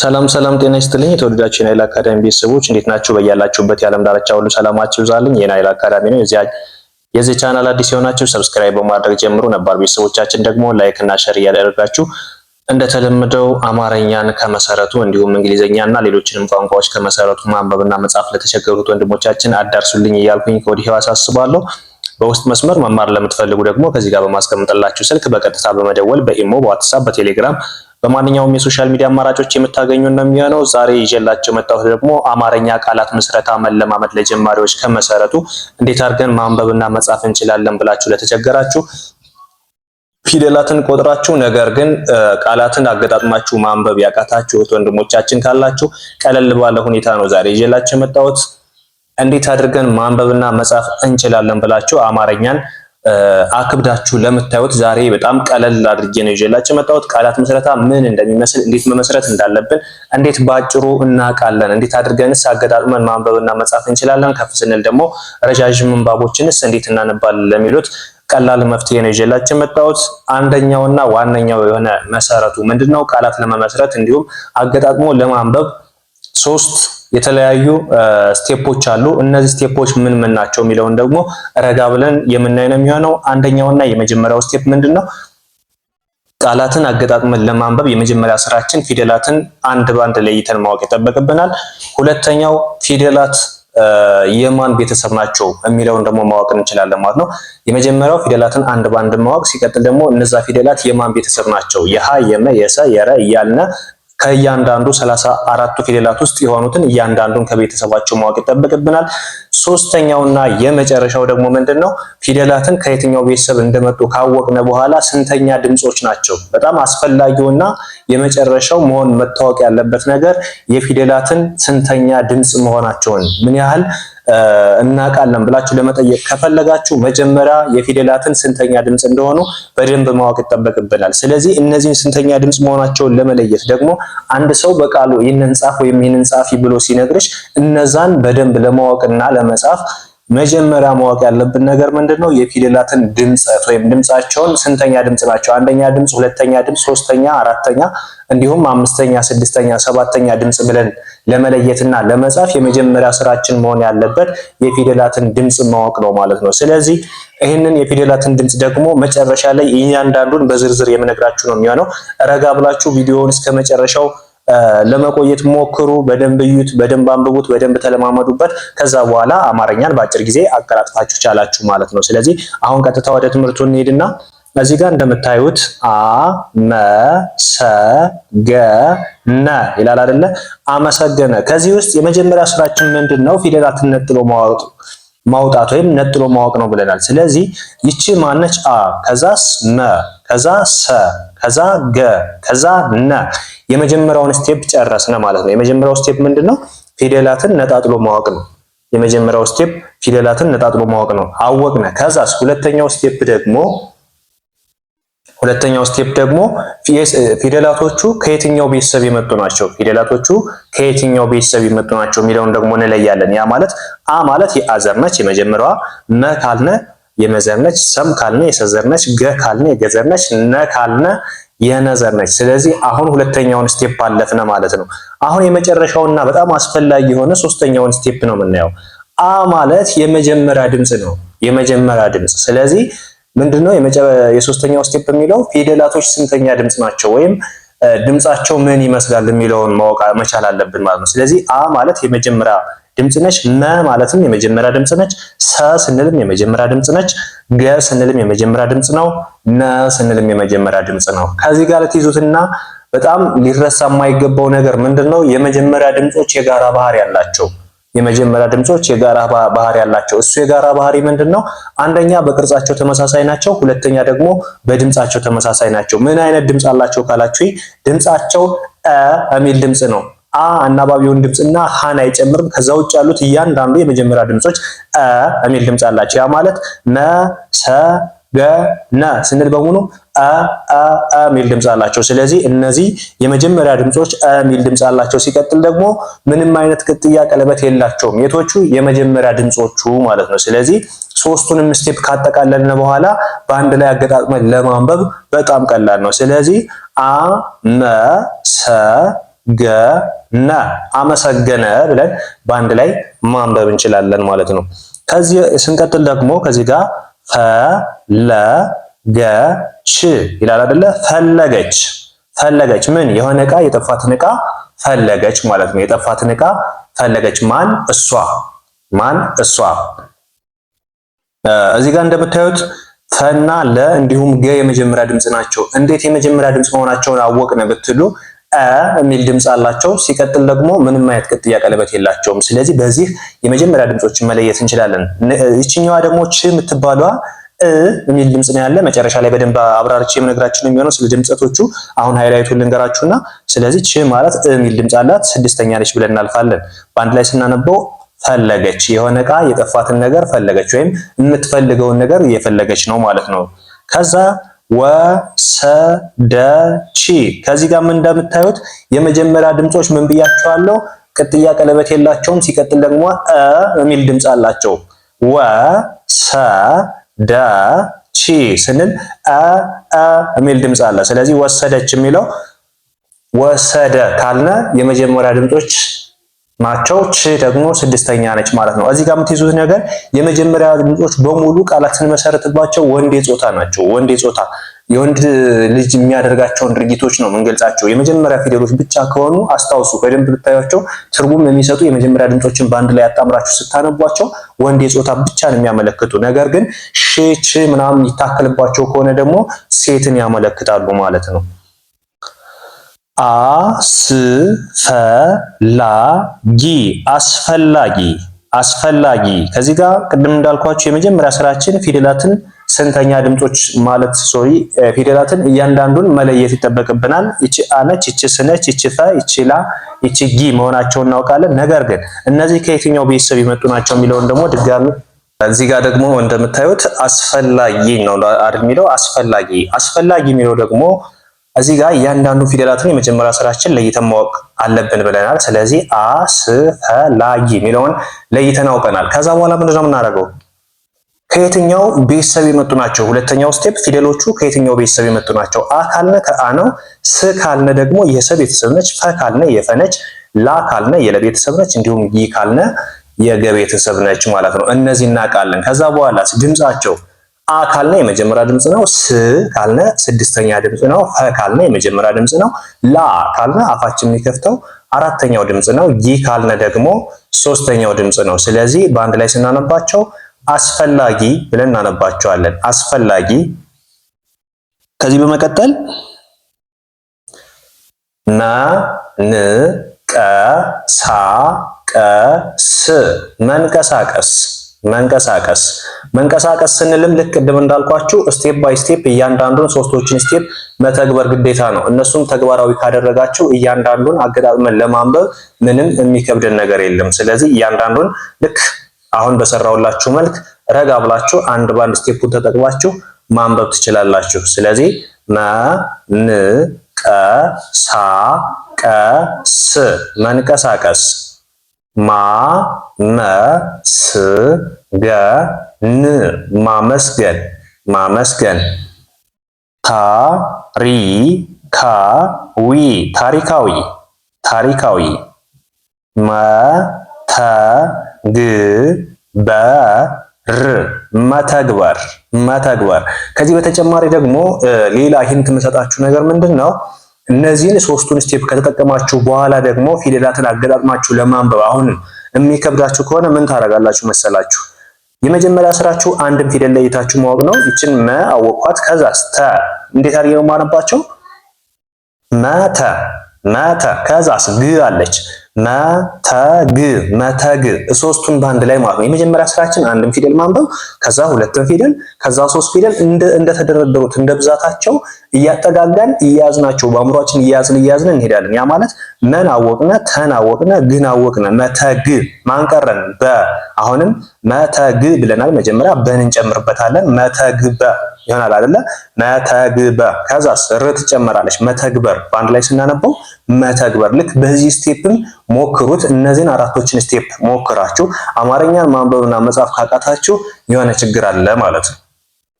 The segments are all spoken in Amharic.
ሰላም ሰላም፣ ጤና ይስጥልኝ የተወደዳችሁ የናይል አካዳሚ ቤተሰቦች እንዴት ናችሁ? በያላችሁበት የዓለም ዳርቻ ሁሉ ሰላማችሁ ይብዛልኝ። የናይል አካዳሚ ነው። የዚህ ቻናል አዲስ የሆናችሁ ሰብስክራይብ በማድረግ ጀምሩ። ነባር ቤተሰቦቻችን ደግሞ ላይክ እና ሸር እያደረጋችሁ እንደተለመደው አማርኛን ከመሰረቱ እንዲሁም እና ሌሎችንም ቋንቋዎች ከመሰረቱ ማንበብና መጻፍ ለተቸገሩት ወንድሞቻችን አዳርሱልኝ እያልኩኝ ከወዲህ አሳስባለሁ። በውስጥ መስመር መማር ለምትፈልጉ ደግሞ ከዚህ ጋር በማስቀምጥላችሁ ስልክ በቀጥታ በመደወል በኢሞ፣ በዋትሳፕ፣ በቴሌግራም በማንኛውም የሶሻል ሚዲያ አማራጮች የምታገኙ ነው የሚሆነው። ዛሬ ይዤላቸው መጣሁት ደግሞ አማርኛ ቃላት ምስረታ መለማመድ ለጀማሪዎች ከመሰረቱ እንዴት አድርገን ማንበብና መጻፍ እንችላለን ብላችሁ ለተቸገራችሁ ፊደላትን ቆጥራችሁ ነገር ግን ቃላትን አገጣጥማችሁ ማንበብ ያቃታችሁት ወንድሞቻችን ካላችሁ ቀለል ባለ ሁኔታ ነው ዛሬ ይዤላችሁ የመጣሁት። እንዴት አድርገን ማንበብና መጻፍ እንችላለን ብላችሁ አማርኛን አክብዳችሁ ለምታዩት ዛሬ በጣም ቀለል አድርጌ ነው ይዤላችሁ የመጣሁት። ቃላት ምስረታ ምን እንደሚመስል፣ እንዴት መመስረት እንዳለብን፣ እንዴት ባጭሩ እናውቃለን፣ እንዴት አድርገንስ አገጣጥመን ማንበብና መጻፍ እንችላለን፣ ከፍ ስንል ደግሞ ረዣዥም ምንባቦችንስ እንዴት እናነባለን ለሚሉት ቀላል መፍትሄ ነው ይዤላችሁ የመጣሁት። አንደኛውና ዋነኛው የሆነ መሰረቱ ምንድነው ቃላት ለመመስረት እንዲሁም አገጣጥሞ ለማንበብ ሶስት የተለያዩ ስቴፖች አሉ። እነዚህ ስቴፖች ምን ምን ናቸው የሚለውን ደግሞ ረጋ ብለን የምናይ ነው የሚሆነው። አንደኛውና የመጀመሪያው ስቴፕ ምንድን ነው? ቃላትን አገጣጥመን ለማንበብ የመጀመሪያ ስራችን ፊደላትን አንድ ባንድ ለይተን ማወቅ ይጠበቅብናል። ሁለተኛው ፊደላት የማን ቤተሰብ ናቸው የሚለውን ደግሞ ማወቅ እንችላለን ማለት ነው። የመጀመሪያው ፊደላትን አንድ ባንድ ማወቅ፣ ሲቀጥል ደግሞ እነዛ ፊደላት የማን ቤተሰብ ናቸው የሀ የመ የሰ የረ እያልነ ከእያንዳንዱ ሰላሳ አራቱ ፊደላት ውስጥ የሆኑትን እያንዳንዱን ከቤተሰባቸው ማወቅ ይጠበቅብናል። ሶስተኛውና የመጨረሻው ደግሞ ምንድን ነው? ፊደላትን ከየትኛው ቤተሰብ እንደመጡ ካወቅነ በኋላ ስንተኛ ድምጾች ናቸው? በጣም አስፈላጊውና የመጨረሻው መሆን መታወቅ ያለበት ነገር የፊደላትን ስንተኛ ድምፅ መሆናቸውን ምን ያህል እናውቃለን ብላችሁ ለመጠየቅ ከፈለጋችሁ መጀመሪያ የፊደላትን ስንተኛ ድምፅ እንደሆኑ በደንብ ማወቅ ይጠበቅብናል። ስለዚህ እነዚህን ስንተኛ ድምፅ መሆናቸውን ለመለየት ደግሞ አንድ ሰው በቃሉ ይህንን ጻፍ ወይም ይህንን ጻፊ ብሎ ሲነግርሽ እነዛን በደንብ ለማወቅና ለመጻፍ መጀመሪያ ማወቅ ያለብን ነገር ምንድን ነው? የፊደላትን ድምፀት ወይም ድምፃቸውን ስንተኛ ድምፅ ናቸው? አንደኛ ድምፅ፣ ሁለተኛ ድምፅ፣ ሶስተኛ፣ አራተኛ እንዲሁም አምስተኛ፣ ስድስተኛ፣ ሰባተኛ ድምፅ ብለን ለመለየትና ለመጻፍ የመጀመሪያ ስራችን መሆን ያለበት የፊደላትን ድምጽ ማወቅ ነው ማለት ነው። ስለዚህ ይህንን የፊደላትን ድምፅ ደግሞ መጨረሻ ላይ እያንዳንዱን በዝርዝር የምነግራችሁ ነው የሚሆነው። ረጋ ብላችሁ ቪዲዮውን እስከ መጨረሻው ለመቆየት ሞክሩ። በደንብ እዩት፣ በደንብ አንብቡት፣ በደንብ ተለማመዱበት። ከዛ በኋላ አማርኛን በአጭር ጊዜ አቀላጥፋችሁ ቻላችሁ ማለት ነው። ስለዚህ አሁን ቀጥታ ወደ ትምህርቱ እንሄድና እዚህ ጋር እንደምታዩት አመሰገነ ይላል አይደለ? አመሰገነ። ከዚህ ውስጥ የመጀመሪያ ስራችን ምንድን ነው? ፊደላትን ነጥሎ ማወቅ ማውጣት ወይም ነጥሎ ማወቅ ነው ብለናል። ስለዚህ ይቺ ማነች? አ ከዛስ መ ከዛ ሰ ከዛ ገ ከዛ ነ። የመጀመሪያውን ስቴፕ ጨረስነ ማለት ነው። የመጀመሪያው ስቴፕ ምንድን ነው? ፊደላትን ነጣጥሎ ማወቅ ነው። የመጀመሪያው ስቴፕ ፊደላትን ነጣጥሎ ማወቅ ነው። አወቅነ። ከዛስ ሁለተኛው ስቴፕ ደግሞ ሁለተኛው ስቴፕ ደግሞ ፊደላቶቹ ከየትኛው ቤተሰብ የመጡ ናቸው፣ ፊደላቶቹ ከየትኛው ቤተሰብ የመጡ ናቸው የሚለውን ደግሞ እንለያለን። ያ ማለት አ ማለት የአዘርነች ነች የመጀመሪያዋ፣ መ ካልነ የመዘርነች፣ ሰም ካልነ የሰዘርነች፣ ገ ካልነ የገዘርነች፣ ነ ካልነ የነዘርነች ስለዚህ አሁን ሁለተኛውን ስቴፕ አለፍነ ማለት ነው። አሁን የመጨረሻውና በጣም አስፈላጊ የሆነ ሶስተኛውን ስቴፕ ነው የምናየው። አ ማለት የመጀመሪያ ድምፅ ነው፣ የመጀመሪያ ድምፅ ስለዚህ ምንድነው የሶስተኛው ስቴፕ የሚለው ፊደላቶች ስንተኛ ድምፅ ናቸው ወይም ድምፃቸው ምን ይመስላል የሚለውን ማወቅ መቻል አለብን ማለት ነው። ስለዚህ አ ማለት የመጀመሪያ ድምፅ ነች። መ ማለትም የመጀመሪያ ድምፅ ነች። ሰ ስንልም የመጀመሪያ ድምፅ ነች። ገ ስንልም የመጀመሪያ ድምፅ ነው። ነ ስንልም የመጀመሪያ ድምፅ ነው። ከዚህ ጋር ትይዙትና በጣም ሊረሳ የማይገባው ነገር ምንድነው? የመጀመሪያ ድምፆች የጋራ ባህሪ ያላቸው የመጀመሪያ ድምጾች የጋራ ባህሪ ያላቸው። እሱ የጋራ ባህሪ ምንድን ነው? አንደኛ በቅርጻቸው ተመሳሳይ ናቸው። ሁለተኛ ደግሞ በድምጻቸው ተመሳሳይ ናቸው። ምን አይነት ድምጽ አላቸው ካላችሁ ድምጻቸው እ የሚል ድምጽ ነው። አ አናባቢውን ድምጽና ሃን አይጨምርም። ከዛ ውጭ ያሉት እያንዳንዱ የመጀመሪያ ድምጾች አ የሚል ድምጽ አላቸው። ያ ማለት መ ሰ ገና ስንል በሙሉ አ አ አ ሚል ድምፅ አላቸው። ስለዚህ እነዚህ የመጀመሪያ ድምጾች አ ሚል ድምጽ አላቸው። ሲቀጥል ደግሞ ምንም አይነት ቅጥያ ቀለበት የላቸውም። የቶቹ የመጀመሪያ ድምጾቹ ማለት ነው። ስለዚህ ሶስቱንም ስቴፕ ካጠቃለልን በኋላ በአንድ ላይ አገጣጥመን ለማንበብ በጣም ቀላል ነው። ስለዚህ አ መ ሰ ገ ነ አመሰገነ ብለን በአንድ ላይ ማንበብ እንችላለን ማለት ነው። ከዚህ ስንቀጥል ደግሞ ከዚህ ጋር ፈለገች ይላል አይደለ? ፈለገች ፈለገች ምን የሆነ እቃ የጠፋትን እቃ ፈለገች ማለት ነው። የጠፋትን እቃ ፈለገች። ማን እሷ፣ ማን እሷ። እዚህ ጋር እንደምታዩት ፈና ለ እንዲሁም ገ የመጀመሪያ ድምፅ ናቸው። እንዴት የመጀመሪያ ድምፅ መሆናቸውን አወቅን ብትሉ አ የሚል ድምፅ አላቸው። ሲቀጥል ደግሞ ምንም አይነት ቅጥያ ቀለበት የላቸውም። ስለዚህ በዚህ የመጀመሪያ ድምፆችን መለየት እንችላለን። ይችኛዋ ደግሞ ች የምትባሏ እ የሚል ድምፅ ነው ያለ። መጨረሻ ላይ በደንብ አብራርቼ የምነግራችሁ ነው የሚሆነው ስለ ድምፀቶቹ። አሁን ሃይላይቱ ልንገራችሁና፣ ስለዚህ ች ማለት እ የሚል ድምፅ አላት። ስድስተኛ ነች ብለን እናልፋለን። በአንድ ላይ ስናነበው ፈለገች፣ የሆነ እቃ የጠፋትን ነገር ፈለገች፣ ወይም የምትፈልገውን ነገር እየፈለገች ነው ማለት ነው። ከዛ ወሰደች። ከዚህ ጋር ምን እንደምታዩት የመጀመሪያ ድምጾች ምን ብያቸዋለሁ? ቅጥያ ቀለበት የላቸውም። ሲቀጥል ደግሞ እ የሚል ድምጽ አላቸው። ወሰደች ስንል አ አ የሚል ድምጽ አለ። ስለዚህ ወሰደች የሚለው ወሰደ ካልነ የመጀመሪያ ድምጾች ናቸው። ች ደግሞ ስድስተኛ ነች ማለት ነው። እዚህ ጋር የምትይዙት ነገር የመጀመሪያ ድምጾች በሙሉ ቃላት ስንመሰረትባቸው ወንድ የጾታ ናቸው። ወንድ ጾታ የወንድ ልጅ የሚያደርጋቸውን ድርጊቶች ነው የምንገልጻቸው። የመጀመሪያ ፊደሎች ብቻ ከሆኑ አስታውሱ፣ በደንብ ብታያቸው ትርጉም የሚሰጡ የመጀመሪያ ድምጾችን በአንድ ላይ አጣምራችሁ ስታነቧቸው ወንድ የጾታ ብቻ ነው የሚያመለክቱ። ነገር ግን ሽ፣ ች ምናምን ይታከልባቸው ከሆነ ደግሞ ሴትን ያመለክታሉ ማለት ነው። አስፈላጊ አስፈላጊ አስፈላጊ ከዚህ ጋር ቅድም እንዳልኳችሁ የመጀመሪያ ስራችን ፊደላትን ስንተኛ ድምጾች ማለት ሶሪ ፊደላትን እያንዳንዱን መለየት ይጠበቅብናል። ይቺ አነች፣ ይቺ ስነች፣ ይቺ ፈ፣ ይቺ ላ፣ ይቺ ጊ መሆናቸውን እናውቃለን። ነገር ግን እነዚህ ከየትኛው ቤተሰብ የመጡ ናቸው የሚለውን ደግሞ ድጋሚ እዚህ ጋር ደግሞ እንደምታዩት አስፈላጊ ነው አይደል የሚለው አስፈላጊ አስፈላጊ የሚለው ደግሞ እዚህ ጋር እያንዳንዱ ፊደላትን የመጀመሪያ ስራችን ለይተን ማወቅ አለብን ብለናል። ስለዚህ አስፈላጊ የሚለውን ለይተን አውቀናል። ከዛ በኋላ ምንድነው የምናደርገው? ከየትኛው ቤተሰብ የመጡ ናቸው? ሁለተኛው ስቴፕ ፊደሎቹ ከየትኛው ቤተሰብ የመጡ ናቸው? አ ካልነ ከአ ነው። ስ ካልነ ደግሞ የሰ ቤተሰብ ነች። ፈ ካልነ የፈነች፣ ላ ካልነ የለቤተሰብ ነች። እንዲሁም ይ ካልነ የገቤተሰብ ነች ማለት ነው። እነዚህ እናውቃለን። ከዛ በኋላ ድምጻቸው አ ካልነ የመጀመሪያ ድምፅ ነው። ስ ካልነ ስድስተኛ ድምፅ ነው። ፈ ካልነ የመጀመሪያ ድምፅ ነው። ላ ካልነ አፋችን የሚከፍተው አራተኛው ድምፅ ነው። ይ ካልነ ደግሞ ሶስተኛው ድምፅ ነው። ስለዚህ በአንድ ላይ ስናነባቸው አስፈላጊ ብለን እናነባቸዋለን። አስፈላጊ። ከዚህ በመቀጠል መ ን ቀ ሳ ቀ ስ መንቀሳቀስ መንቀሳቀስ መንቀሳቀስ ስንልም ልክ ቅድም እንዳልኳችሁ ስቴፕ ባይ ስቴፕ እያንዳንዱን ሶስቶችን ስቴፕ መተግበር ግዴታ ነው። እነሱም ተግባራዊ ካደረጋችሁ እያንዳንዱን አገጣጥመን ለማንበብ ምንም የሚከብድን ነገር የለም። ስለዚህ እያንዳንዱን ልክ አሁን በሰራውላችሁ መልክ ረጋ ብላችሁ አንድ ባንድ ስቴፑን ተጠቅማችሁ ማንበብ ትችላላችሁ። ስለዚህ መንቀሳቀስ መንቀሳቀስ ማ መ ስ ገ ን ማመስገን ማመስገን ታ ሪ ካ ዊ ታሪካዊ ታሪካዊ መ ተ ግ በ ር መተግበር መተግበር። ከዚህ በተጨማሪ ደግሞ ሌላ ይህን የምሰጣችሁ ነገር ምንድን ነው? እነዚህን ሶስቱን ስቴፕ ከተጠቀማችሁ በኋላ ደግሞ ፊደላትን አገጣጥማችሁ ለማንበብ አሁን የሚከብዳችሁ ከሆነ ምን ታደርጋላችሁ መሰላችሁ? የመጀመሪያ ስራችሁ አንድን ፊደል ለይታችሁ ማወቅ ነው። ይችን መ አወቅኳት። ከዛስ ተ እንዴት አድርጌ ነው የማነባቸው? መተ መተ ከዛስ ግ አለች መተግ መተግ ሶስቱን በአንድ ላይ ማለት ነው። የመጀመሪያ ስራችን አንድም ፊደል ማንበብ ከዛ ሁለትም ፊደል ከዛ ሶስት ፊደል እንደተደረደሩት እንደ ብዛታቸው እያጠጋጋን እያያዝናቸው በአእምሯችን እያያዝን እያያዝን እንሄዳለን። ያ ማለት መን አወቅነ፣ ተን አወቅነ፣ ግን አወቅነ። መተግ ማንቀረን በ አሁንም መተግ ብለናል። መጀመሪያ በን እንጨምርበታለን። መተግ በ ይሆናል አይደለ? መተግበ ከዛስ ር ትጨመራለች። መተግበር በአንድ ላይ ስናነበው መተግበር። ልክ በዚህ ስቴፕም ሞክሩት። እነዚህን አራቶችን ስቴፕ ሞክራችሁ አማርኛን ማንበብና መጻፍ ካቃታችሁ የሆነ ችግር አለ ማለት ነው።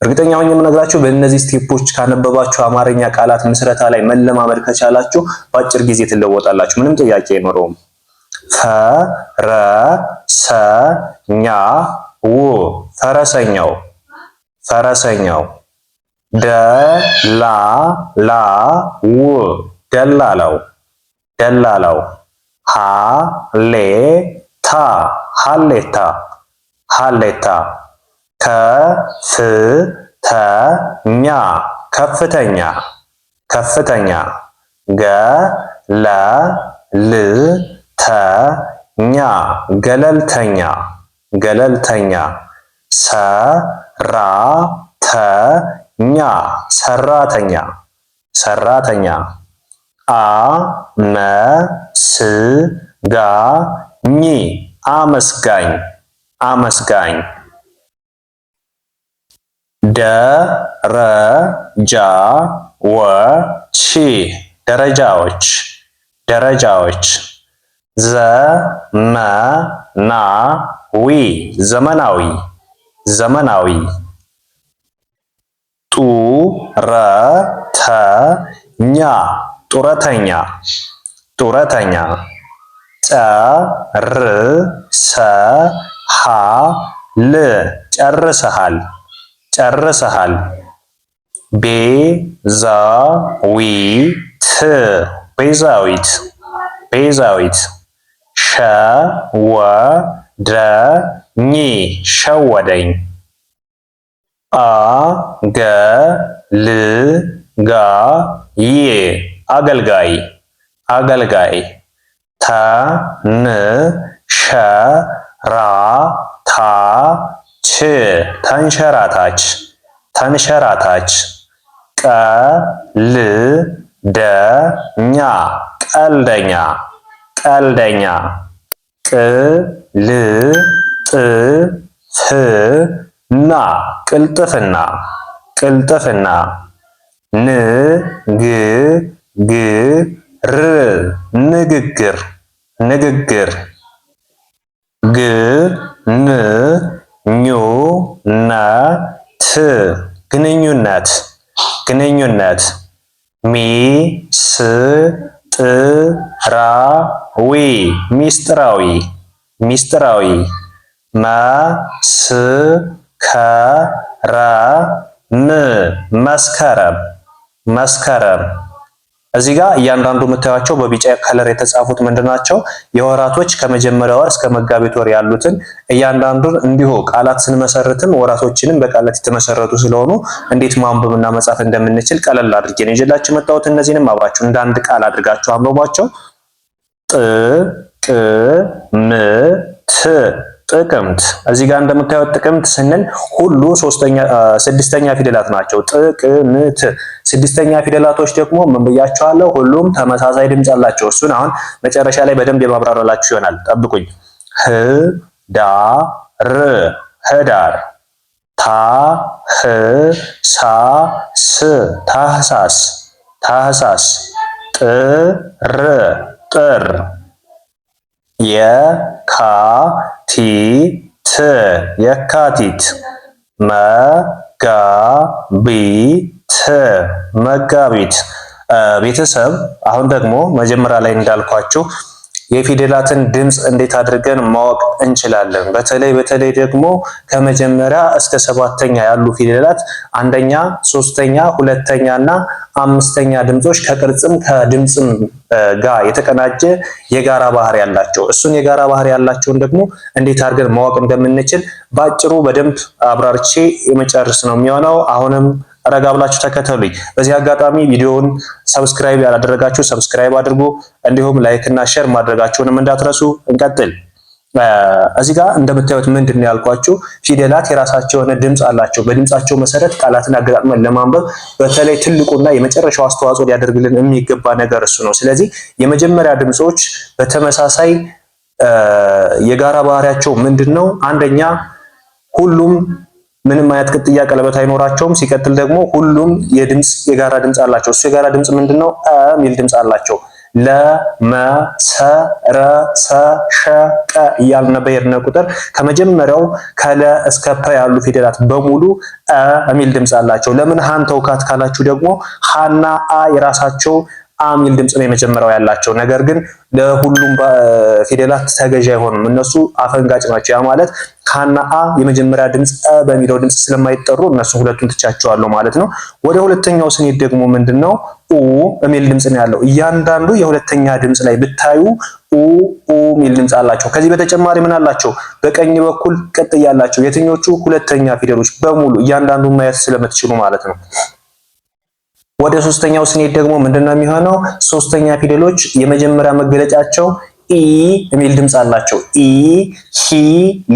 እርግጠኛ ሆኜ የምነግራችሁ በእነዚህ ስቴፖች ካነበባችሁ አማርኛ ቃላት ምስረታ ላይ መለማመድ ከቻላችሁ በአጭር ጊዜ ትለወጣላችሁ። ምንም ጥያቄ አይኖረውም። ፈረሰኛ ፈረሰኛው ፈረሰኛው ደላላው ደላላው ደላላው ሃሌታ ሀሌታ ሀሌታ ከፍተኛ ከፍተኛ ከፍተኛ ገለልተኛ ገለልተኛ ገለልተኛ ሰራተ ኛ ሰራተኛ ሰራተኛ አ መ ስ ጋ ኝ አመስጋኝ አመስጋኝ ደረጃዎች ደረጃዎች ና ዊ ዘመናዊ ዘመናዊ ጡ ረ ተ ኛ ጡረተኛ ጡረተኛ ጨ ር ሰ ሀ ል ጨርሰሃል ጨርሰሃል ቤ ዛ ዊ ት ቤዛዊት ቤዛዊት ሸ ወ ደ ኝ ሸወደኝ አ ገ ል ጋ ዬ አገልጋይ አገልጋይ ተ ን ሸ ራ ታ ች ተንሸራታች ተንሸራታች ቀ ል ደ ኛ ቀልደኛ ቀልደኛ ቅ ል ጥ ፍ ና ቅልጥፍና ቅልጥፍና ን ግ ግ ር ንግግር ንግግር ግ ን ኙ ና ት ግንኙነት ግንኙነት ሚ ስ ጥ ራ ዊ ሚስጥራዊ ሚስጥራዊ ማ ስ ከረም መስከረም መስከረም እዚህ ጋር እያንዳንዱ የምታዩቸው በቢጫ ከለር የተጻፉት ምንድን ናቸው? የወራቶች ከመጀመሪያ ወር እስከ መጋቢት ወር ያሉትን እያንዳንዱን እንዲሁ ቃላት ስንመሰርትም ወራቶችንም በቃላት የተመሰረቱ ስለሆኑ እንዴት ማንበብና መጻፍ እንደምንችል ቀለል አድርጌ ነው ይዤላችሁ የመጣሁት። እነዚህንም አብራችሁ እንደ አንድ ቃል አድርጋችሁ አንብቧቸው። ጥቅምት ጥቅምት እዚህ ጋር እንደምታዩት ጥቅምት ስንል ሁሉ ሶስተኛ ስድስተኛ ፊደላት ናቸው። ጥቅምት ስድስተኛ ፊደላቶች ደግሞ ምን ብያቸዋለሁ? ሁሉም ተመሳሳይ ድምፅ አላቸው። እሱን አሁን መጨረሻ ላይ በደንብ የማብራራላችሁ ይሆናል። ጠብቁኝ። ህዳር ስ ታህሳስ ታህሳስ ጥ ር ጥር የካቲት የካቲት መጋቢት መጋቢት ቤተሰብ አሁን ደግሞ መጀመሪያ ላይ እንዳልኳችሁ የፊደላትን ድምፅ እንዴት አድርገን ማወቅ እንችላለን? በተለይ በተለይ ደግሞ ከመጀመሪያ እስከ ሰባተኛ ያሉ ፊደላት አንደኛ፣ ሶስተኛ፣ ሁለተኛ እና አምስተኛ ድምጾች ከቅርጽም ከድምጽም ጋር የተቀናጀ የጋራ ባህሪ ያላቸው እሱን የጋራ ባህሪ ያላቸውን ደግሞ እንዴት አድርገን ማወቅ እንደምንችል በአጭሩ በደንብ አብራርቼ የመጨርስ ነው የሚሆነው አሁንም ረጋ ብላችሁ ተከተሉኝ። በዚህ አጋጣሚ ቪዲዮውን ሰብስክራይብ ያላደረጋችሁ ሰብስክራይብ አድርጉ፣ እንዲሁም ላይክ እና ሼር ማድረጋችሁንም እንዳትረሱ። እንቀጥል። እዚህ ጋር እንደምታዩት ምንድን ነው ያልኳችሁ ፊደላት የራሳቸው የሆነ ድምፅ አላቸው። በድምፃቸው መሰረት ቃላትን አገጣጥመን ለማንበብ በተለይ ትልቁና የመጨረሻው አስተዋጽኦ ሊያደርግልን የሚገባ ነገር እሱ ነው። ስለዚህ የመጀመሪያ ድምፆች በተመሳሳይ የጋራ ባህሪያቸው ምንድን ነው? አንደኛ ሁሉም ምንም አይነት ቅጥያ ቀለበት አይኖራቸውም። ሲቀጥል ደግሞ ሁሉም የድምጽ የጋራ ድምጽ አላቸው። እሱ የጋራ ድምፅ ምንድነው? አ የሚል ድምጽ አላቸው። ለ መ ሰ ረ ሰ ሸ ቀ እያልን በሄድን ቁጥር ከመጀመሪያው ከለ እስከ ፐ ያሉ ፊደላት በሙሉ አ የሚል ድምጽ አላቸው። ለምን ሃን ተውካት ካላችሁ ደግሞ ሃና አ የራሳቸው አሚል ድምፅ ነው የመጀመሪያው ያላቸው። ነገር ግን ለሁሉም ፊደላት ተገዢ አይሆኑም እነሱ አፈንጋጭ ናቸው። ያ ማለት ካና አ የመጀመሪያ ድምፅ በሚለው ድምፅ ስለማይጠሩ እነሱ ሁለቱን ትቻቸዋለሁ ማለት ነው። ወደ ሁለተኛው ስኔት ደግሞ ምንድን ነው ኡ የሚል ድምፅ ነው ያለው። እያንዳንዱ የሁለተኛ ድምፅ ላይ ብታዩ ኡ ኡ የሚል ድምፅ አላቸው። ከዚህ በተጨማሪ ምን አላቸው? በቀኝ በኩል ቅጥ ያላቸው የትኞቹ ሁለተኛ ፊደሎች በሙሉ እያንዳንዱ ማየት ስለምትችሉ ማለት ነው። ወደ ሶስተኛው ስንሄድ ደግሞ ምንድነው የሚሆነው? ሶስተኛ ፊደሎች የመጀመሪያ መገለጫቸው ኢ የሚል ድምፅ አላቸው። ኢ፣ ሂ፣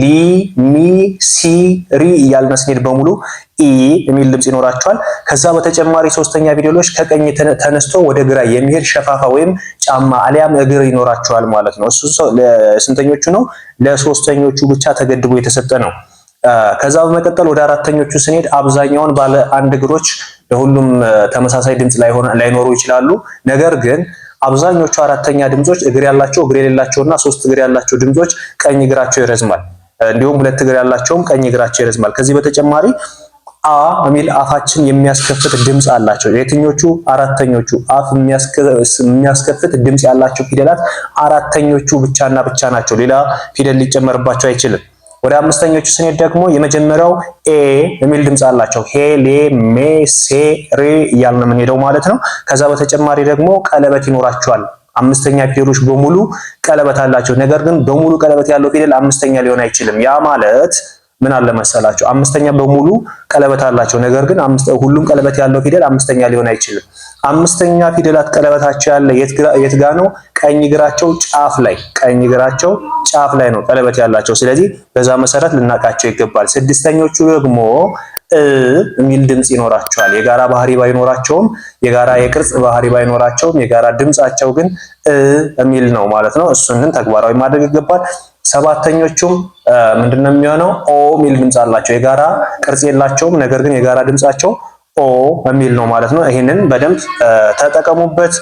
ሊ፣ ሚ፣ ሲ፣ ሪ እያልን ስንሄድ በሙሉ ኢ የሚል ድምፅ ይኖራቸዋል። ከዛ በተጨማሪ ሶስተኛ ፊደሎች ከቀኝ ተነስቶ ወደ ግራ የሚሄድ ሸፋፋ ወይም ጫማ አሊያም እግር ይኖራቸዋል ማለት ነው። እሱ ለስንተኞቹ ነው? ለሶስተኞቹ ብቻ ተገድቦ የተሰጠ ነው። ከዛ በመቀጠል ወደ አራተኞቹ ስንሄድ አብዛኛውን ባለ አንድ እግሮች ለሁሉም ተመሳሳይ ድምፅ ላይኖሩ ይችላሉ። ነገር ግን አብዛኞቹ አራተኛ ድምፆች እግር ያላቸው፣ እግር የሌላቸውና ሶስት እግር ያላቸው ድምፆች ቀኝ እግራቸው ይረዝማል። እንዲሁም ሁለት እግር ያላቸውም ቀኝ እግራቸው ይረዝማል። ከዚህ በተጨማሪ አ የሚል አፋችን የሚያስከፍት ድምፅ አላቸው። የትኞቹ? አራተኞቹ አፍ የሚያስከፍት ድምፅ ያላቸው ፊደላት አራተኞቹ ብቻና ብቻ ናቸው። ሌላ ፊደል ሊጨመርባቸው አይችልም። ወደ አምስተኞቹ ስንሄድ ደግሞ የመጀመሪያው ኤ የሚል ድምፅ አላቸው። ሄ፣ ሌ፣ ሜ፣ ሴ፣ ሬ እያልን ነው የምንሄደው ማለት ነው። ከዛ በተጨማሪ ደግሞ ቀለበት ይኖራቸዋል። አምስተኛ ፊደሎች በሙሉ ቀለበት አላቸው። ነገር ግን በሙሉ ቀለበት ያለው ፊደል አምስተኛ ሊሆን አይችልም። ያ ማለት ምን አለ መሰላችሁ? አምስተኛ በሙሉ ቀለበት አላቸው። ነገር ግን ሁሉም ቀለበት ያለው ፊደል አምስተኛ ሊሆን አይችልም። አምስተኛ ፊደላት ቀለበታቸው ያለ የት ጋ ነው? ቀኝ እግራቸው ጫፍ ላይ ቀኝ እግራቸው ጫፍ ላይ ነው ቀለበት ያላቸው። ስለዚህ በዛ መሰረት ልናውቃቸው ይገባል። ስድስተኞቹ ደግሞ እ የሚል ይኖራቸዋል። የጋራ ባህሪ ባይኖራቸውም የጋራ የቅርጽ ባህሪ ባይኖራቸውም የጋራ ድምፃቸው ግን እ የሚል ነው ማለት ነው። እሱንን ተግባራዊ ማድረግ ይገባል። ሰባተኞቹም ምንድነው የሚሆነው? ኦ የሚል ድምፅ አላቸው። የጋራ ቅርጽ የላቸውም፣ ነገር ግን የጋራ ድምፃቸው ኦ የሚል ነው ማለት ነው። ይህንን በደንብ ተጠቀሙበት።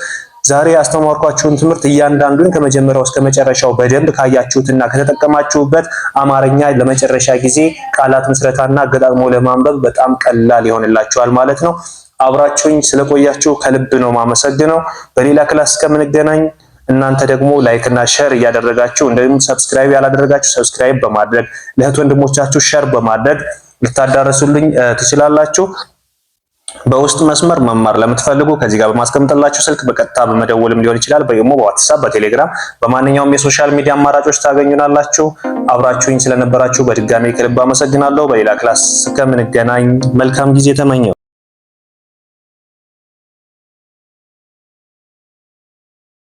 ዛሬ ያስተማርኳችሁን ትምህርት እያንዳንዱን ከመጀመሪያው እስከ መጨረሻው በደንብ ካያችሁትና ከተጠቀማችሁበት አማርኛ ለመጨረሻ ጊዜ ቃላት ምስረታና አገጣጥሞ ለማንበብ በጣም ቀላል ይሆንላችኋል ማለት ነው። አብራችሁኝ ስለቆያችሁ ከልብ ነው ማመሰግነው። በሌላ ክላስ እስከምንገናኝ እናንተ ደግሞ ላይክ እና ሼር እያደረጋችሁ እንደም ሰብስክራይብ ያላደረጋችሁ ሰብስክራይብ በማድረግ ለእህት ወንድሞቻችሁ ሼር በማድረግ ልታዳረሱልኝ ትችላላችሁ። በውስጥ መስመር መማር ለምትፈልጉ ከዚህ ጋር በማስቀምጥላችሁ ስልክ በቀጥታ በመደወልም ሊሆን ይችላል። በኢሞ፣ በዋትሳፕ፣ በቴሌግራም በማንኛውም የሶሻል ሚዲያ አማራጮች ታገኙናላችሁ። አብራችሁኝ ስለነበራችሁ በድጋሚ ከልብ አመሰግናለሁ። በሌላ ክላስ እስከምንገናኝ መልካም ጊዜ ተመኘው።